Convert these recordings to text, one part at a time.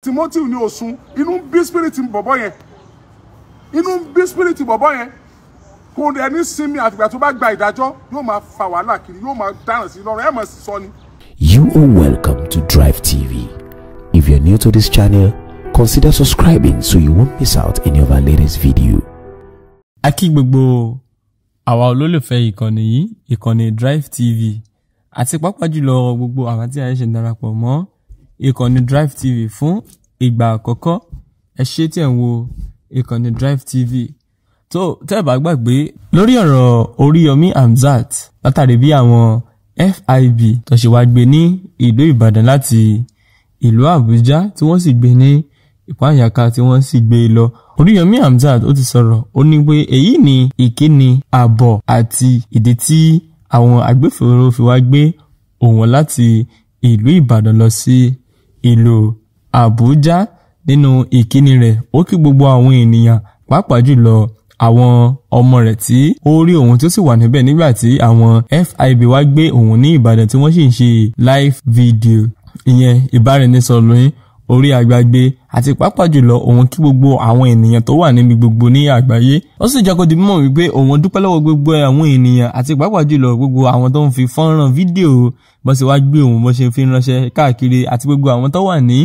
Timothy ní Ọ̀ṣun inú bí spirit bọ̀bọ̀ yẹn inú bí spirit bọ̀bọ̀ yẹn kò dẹ̀ sinmi àtìgbà tó bá gba ìdájọ́ yóò máa fa wàhálà kiri yóò máa dáràn sí lọ́rọ̀ ẹ̀ mọ̀ sí sọ ni. You are welcome to Drive TV. If you're new to this channel, consider subscribing so you won't miss out any of our latest video. A kí gbogbo àwa olólùfẹ́ ìkànnì yìí ìkànnì Drive TV àti pàápàá jùlọ gbogbo àwa tí a ṣe darapọ̀ mọ́ ìkànnì Drive TV fún ìgbà àkọ́kọ́ ẹ ṣé tí ẹ̀ ń wo ìkànnì Drive TV tó tẹ́ ẹ bá gbàgbé lórí ọ̀rọ̀ Oríyọmí Hamzat látàrí bí àwọn FIB tó ṣe wá gbé ní ìlú Ìbàdàn láti ìlú Àbújá tí wọ́n sì gbé ní ìpáyàká tí wọ́n sì gbé lọ Oríyọmí Hamzat ó ti sọ̀rọ̀ ó ní pé èyí ni ìkíni àbọ̀ àti ìdí tí àwọn agbófinró fi wá gbé òun láti ìlú Ìbàdàn lọ sí ìlú Àbújá nínú ìkíni rẹ̀ ó kí gbogbo àwọn ènìyàn pàápàá jùlọ àwọn ọmọ rẹ̀ tí ó rí òun tí ó sì wà níbẹ̀ nígbà tí àwọn FIB wá gbé òun ní Ìbàdàn tí wọ́n sì ń ṣe live video ìyẹn ìbáraẹnisọ̀rọ̀ lóyún orí àgbàgbé àti pàápàá jùlọ òun kí gbogbo àwọn ènìyàn tó wà níbi gbogbo ní àgbáyé ó sì jẹ́ kó di mímọ̀ wípé òun dúpẹ́ lọ́wọ́ gbogbo àwọn ènìyàn àti pàápàá jùlọ gbogbo àwọn tó ń fi fọ́nrán fídíò bó ṣe wá gbé òun bó ṣe fi ránṣẹ́ káàkiri àti gbogbo àwọn tó wà ní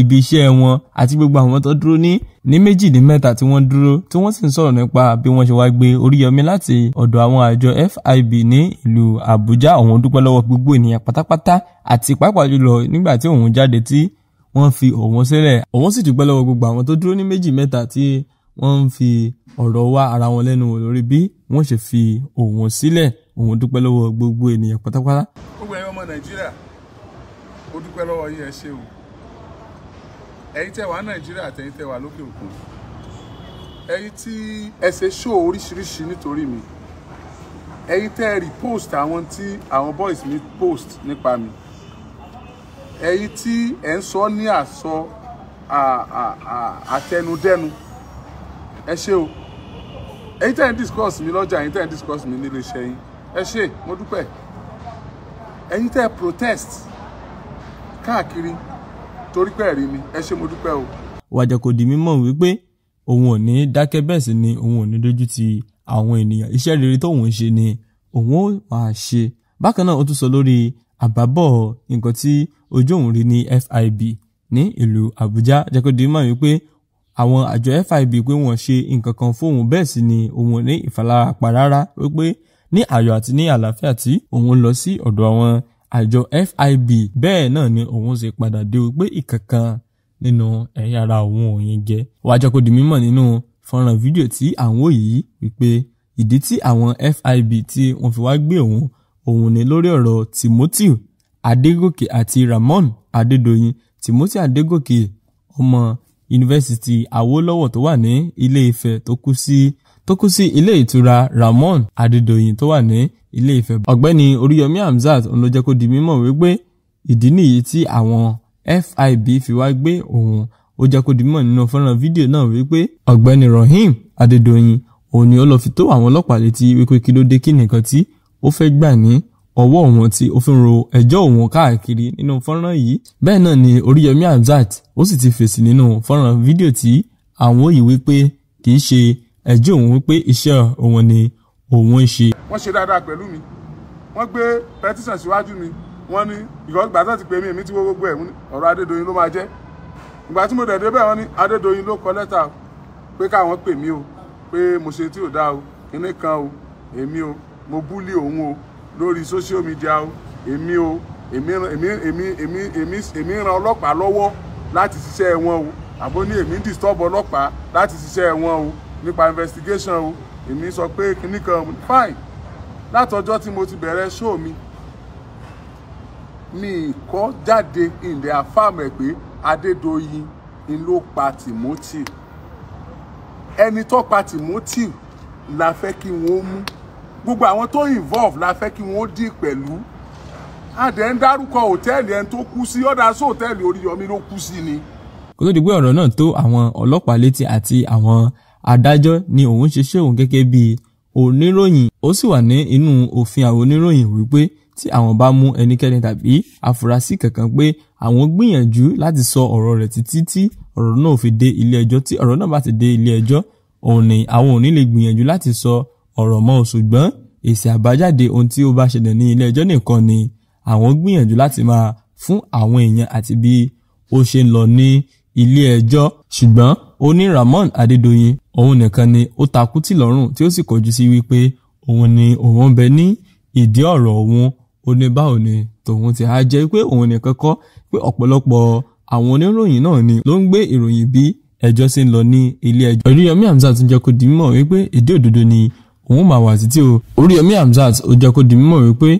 ibi iṣẹ́ wọn àti gbogbo àwọn tó dúró ní ní méjì ní mẹ́ta tí wọ́n dúró tí wọ́n sì ń sọ̀rọ̀ nípa bí wọ́n ṣe wá gbé Oríyọmí láti ọ̀dọ̀ àwọn àjọ FIB ní ìlú Àbújá òun dúpẹ́ lọ́wọ́ gbogbo ènìyàn pátápátá àti pàápàá jùlọ nígbà tí òun jáde tí wọ́n fi ọ̀wọ́n sílẹ̀ ọ̀wọ́n sì dúpẹ́ lọ́wọ́ gbogbo àwọn tó dúró ní méjì mẹ́ta tí wọ́n ń fi ọ̀rọ̀ wá ara wọn lẹ́nu wò lórí bí wọ́n ṣe fi ọ̀wọ́n sílẹ̀ òun dúpẹ́ lọ́wọ́ gbogbo ènìyàn pátápátá. gbogbo ẹ̀yin ọmọ nàìjíríà ó dúpẹ́ lọ́wọ́ yín ẹ ṣé o ẹ̀yin tẹ́ wà nàìjíríà àtẹ̀yin tẹ́ wà lókè òkun ẹ̀yin tí ẹ ṣe ṣó oríṣiríṣi nítorí mi ẹ̀yin tẹ́ repost àwọn tí àwọn boys mi post nípa mi ẹ̀yin tí ẹ̀ ń sọ ní àsọ àtẹnudẹ́nu ẹ ṣé o ẹ̀yin tẹ́ ń discuss mi lọ́jà ẹ̀yin tẹ́ ń discuss mi nílé iṣẹ́ yín ẹ ṣé mo dúpẹ́ ẹ̀yin tẹ́ protest káàkiri torí pé ẹ̀rí mi ẹ ṣé mo dúpẹ́ o. wàjà kò di mímọ̀ wípé òun ò ní dákẹ́ bẹ́ẹ̀ sì ni òun ò ní dojú ti àwọn ènìyàn iṣẹ́ rere tóun ń ṣe ni òun ó máa ṣe bákan náà ó tún sọ lórí àbábọ̀ nǹkan tí ojú òun rí ní FIB ní ìlú abuja jẹ́ kó di mọ̀ wípé àwọn àjọ FIB pé wọ́n ṣe nǹkan kan fóun bẹ́ẹ̀ sì ni òun ní ìfàlára pa rárá wípé ní ayọ̀ àti ní àlàáfíà tí òun lọ sí ọ̀dọ̀ àwọn àjọ FIB bẹ́ẹ̀ náà ni òun ṣe padà dé wípé ìkankan nínú ẹ̀yà ara òun ò yẹn jẹ́ wàá jẹ́ kó di mímọ̀ nínú fọ́nrán fídíò tí àwọn yìí wípé ìdí tí àwọn FIB tí wọ́n fi wá gbé òun òun ni lórí ọ̀rọ̀ Timothy Adégòkè àti Ramon Adédoyin Timothy adegoke ọmọ yunifásitì Awólọ́wọ̀ tó wà ní Ilé Ifẹ̀ tó kú sí tó kú sí ilé ìtura Ramon Adédoyin tó wà ní Ilé Ifẹ̀ ọ̀gbẹ́ni Oríyọmí Hamzat òun ló jẹ́ kó di mímọ̀ wípé ìdí nìyí tí àwọn FIB fi wá gbé òun ó jẹ́ kó di mímọ̀ nínú fọ́nrán fídíò náà wípé ọ̀gbẹ́ni Rahim Adédoyin òun ni ó lọ fi tó àwọn ọlọ́pàá létí wípé kí ló dé kí nìkan tí ó fẹ́ gbà ní ọwọ́ wọn tí ó fi ń ro ẹjọ́ òun káàkiri nínú fọ́nrán yìí bẹ́ẹ̀ náà ni Oríyọmí Hamzat ó sì ti fèsì nínú fọ́nrán fídíò tí àwọn yìí wípé kì í ṣe ẹjọ́ òun wípé iṣẹ́ òun ni òun ṣe. wọ́n ṣe dáadáa pẹ̀lú mi wọ́n gbé pẹ́tíṣàn síwájú mi wọ́n ní because gbàtà ti pè mí èmi tí wọ́n gbogbo ẹ̀ ọ̀rọ̀ Adédoyin ló máa jẹ́ ìgbà tí mo dẹ̀ débẹ̀ wọ́n ní Adédoyin ló kọ lẹ́tà pé káwọn pè mí o pé mo ṣe tí ò dáa o kinní kan o èmi o mo búlì òun o lórí social media o èmi o èmi èmi èmi èmi èmi èmi ran ọlọ́pàá lọ́wọ́ láti ṣiṣẹ́ wọn o àbó ní èmi disturb ọlọ́pàá láti ṣiṣẹ́ wọn o nípa investigation o èmi sọ pé kinní kan fine látọjọ́ tí mo ti bẹ̀rẹ̀ show mi mi kọ́ jáde ìndẹ̀ àfàmẹ̀ pé Adédoyin ni ló pa Timothy ẹni tó pa Timothy la fẹ́ kí wọ́n mú gbogbo àwọn tó involve la fẹ́ kí wọ́n dì pẹ̀lú adẹ̀ ń dárúkọ hòtẹ́ẹ̀lì ẹni tó kú sí ọ̀dà sí hòtẹ́ẹ̀lì Oríyọmí ló kú sí ni. kó tó di pé ọ̀rọ̀ náà tó àwọn ọlọ́pàá létí àti àwọn adájọ́ ni òun ṣiṣẹ́ òun gẹ́gẹ́ bí oníròyìn ó sì wà ní inú òfin àwọn oníròyìn wípé tí àwọn bá mú ẹnikẹ́ni tàbí àfúrásì kankan pé àwọn gbìyànjú láti sọ ọ̀rọ̀ rẹ̀ títí tí ọ̀rọ̀ náà fi dé ilé ẹjọ́ tí ọ̀rọ̀ náà bá ti dé ilé ẹjọ́ òun ni àwọn ò lè gbìyànjú láti sọ ọ̀rọ̀ mọ́ o ṣùgbọ́n èsì àbájáde ohun tí ó bá ṣẹlẹ̀ ní ilé ẹjọ́ nìkan ni àwọn gbìyànjú láti máa fún àwọn èèyàn àti bí ó ṣe ń lọ ní ilé ẹjọ́ ṣùgbọ́n ó ní Ramon Adédoyin òun nìkan ni ó takú tì lọ́rùn tí ó sì kọjú sí wípé òun ni òun bẹ ní ìdí ọ̀rọ̀ òun ó ní báwo ni tòun ti á jẹ́ pé òun nìkan kọ́ pé ọ̀pọ̀lọpọ̀ àwọn oníròyìn náà ni ló ń gbé ìròyìn bí ẹjọ́ ṣe ń lọ ní ilé ẹjọ́. Oríyọmí Hamzat tún jẹ́ kó di mímọ̀ wípé ìdí òdodo ni òun máa wà títí o Oríyọmí Hamzat ó jẹ́ kó di mímọ̀ wípé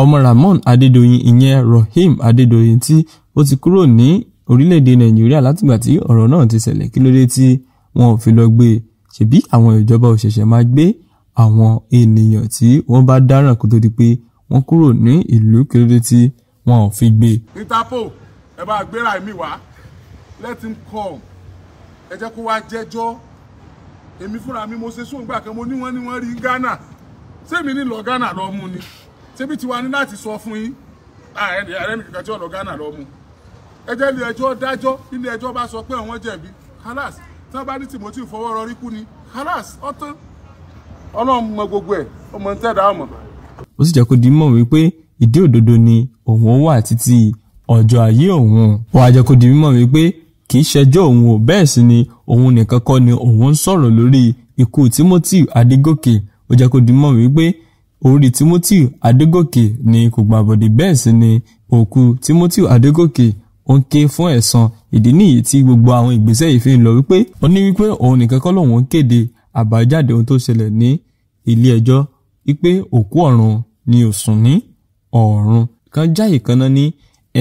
ọmọ Rahmon Adédoyin ìyẹn Rohim Adédoyin tí ó ti kúrò ní orílẹ̀-èdè Nàìjíríà látìgbà tí ọ̀rọ̀ náà ti ṣẹlẹ̀ kí ló dé tí wọn ò fi lọ gbé e ṣebí àwọn ìjọba ò ṣẹ̀ṣẹ̀ máa gbé àwọn ènìyàn tí wọ́n bá dáràn kó tó di pé wọ́n kúrò ní ìlú kí ló dé tí wọn fi gbé e. Interpol ẹ bá gbéra mi wá let him come ẹ jẹ́ kó wá jẹ́jọ́ èmi fúnra mi mo ṣe sóńgbà kan mo ní wọ́n ní wọ́n rí Ghana sẹ́mi ní lọ Ghana lọ mú ni ṣébi tiwa ní láti sọ fún yín ààrẹ ààrẹ kankan tí ò lọ Ghana lọ mú ẹ ilé ẹjọ́ dájọ́ ilé ẹjọ́ bá sọ pé àwọn jẹ̀bi halas tí wọ́n bá ní Timothy fọwọ́ rọrí kú ni halas ọ̀tán Ọlọ́run mọ gbogbo ẹ̀ ọmọ ń tẹ̀dá ọmọ. ó sì jẹ́ kó di mímọ̀ wípé ìdí òdodo ni òun wà títí ọjọ́ ayé òun ó wá jẹ́ kó di mímọ̀ wípé kì í ṣẹjọ́ òun o bẹ́ẹ̀ sì ni òun nìkan kọ́ ni òun ń sọ̀rọ̀ lórí ikú Timothy Adégòkè ó jẹ́ kó di mọ̀ wípé orí Timothy Adégòkè ni kò gbàbọ̀dé bẹ́ẹ̀ sì ni òkú Timothy Adégòkè ó ń ké fún ẹ̀san ìdí nìyí tí gbogbo àwọn ìgbésẹ̀ yìí fi ń lọ wípé ó ní wípé òun nìkan kọ́ lòun ń kéde àbájáde ohun tó ṣẹlẹ̀ ní ilé ẹjọ́ wípé òkú ọ̀run ni òsùn ní ọ̀run kan jáì kan náà ní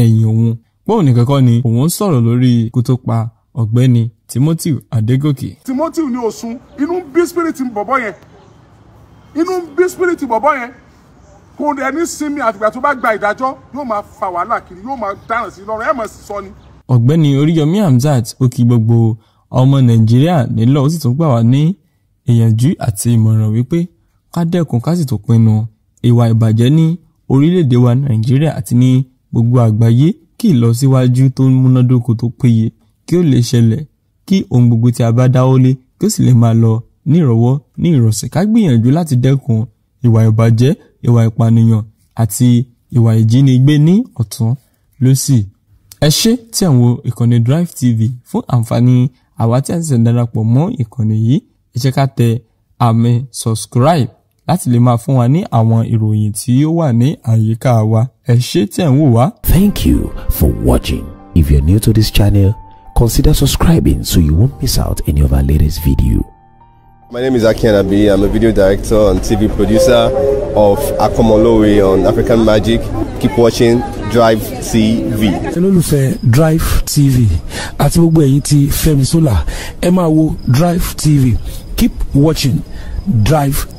ẹ̀yìn òun pọ́ùn nìkan kọ́ ni òun sọ̀rọ̀ lórí ikú tó pa ọ̀gbẹ́ni Timothy Adégòkè. Timothy ní Ọ̀ṣun inú ń bí spirit bọ̀bọ̀ yẹn inú ń bí spirit bọ̀bọ̀ yẹn kò ẹni sinmi àtìgbà tó bá gba ìdájọ́ yóò máa fa wàhálà kiri yóò máa dáràn sí lọ́rùn ẹ̀ mọ̀ sí sọ ni. ọ̀gbẹ́ni Oríyọmí Hamzat ó kí gbogbo ọmọ Nàìjíríà nílò ó sì tún gbà wá ní ìyànjú àti ìmọ̀ràn wípé ká dẹ́kun ká sì tún pinnu ìwà ìbàjẹ́ ní orílẹ̀-èdè wa Nàìjíríà àti ní gbogbo àgbáyé kí ìlọsíwájú tó múnádóko tó péye kí ó lè ṣẹlẹ̀ kí ohun gbogbo tí a bá dáwọ́lé kí ó sì lè máa lọ ní ìrọ̀wọ́ ní ìrọ̀sẹ̀ ká gbìyànjú láti dẹ́kun ìwà ìbàjẹ́ ìwà ìpànìyàn àti ìwà ìjínigbé ní ọ̀tún lósì. ẹ ṣé tí àwọn ìkànnì Drive TV fún àǹfààní àwa tí a ti ṣẹ̀ darapọ̀ mọ́ ìkànnì yìí ẹ jẹ́ ká tẹ àmì subscribe láti lè máa fún wa ní àwọn ìròyìn tí ó wà ní àyíká wa ẹ ṣé tí ẹ ń wò wá. Thank you for watching. If you're new to this channel, consider subscribing so you won't miss out any of our latest video. My name is Akian Abi. I'm a video director and TV producer of Akomolowe on African Magic. Keep watching Drive TV. olólùfẹ́ Drive TV àti gbogbo ẹ̀yin ti Fẹ́mi Sola ẹ máa wo Drive TV. Keep watching Drive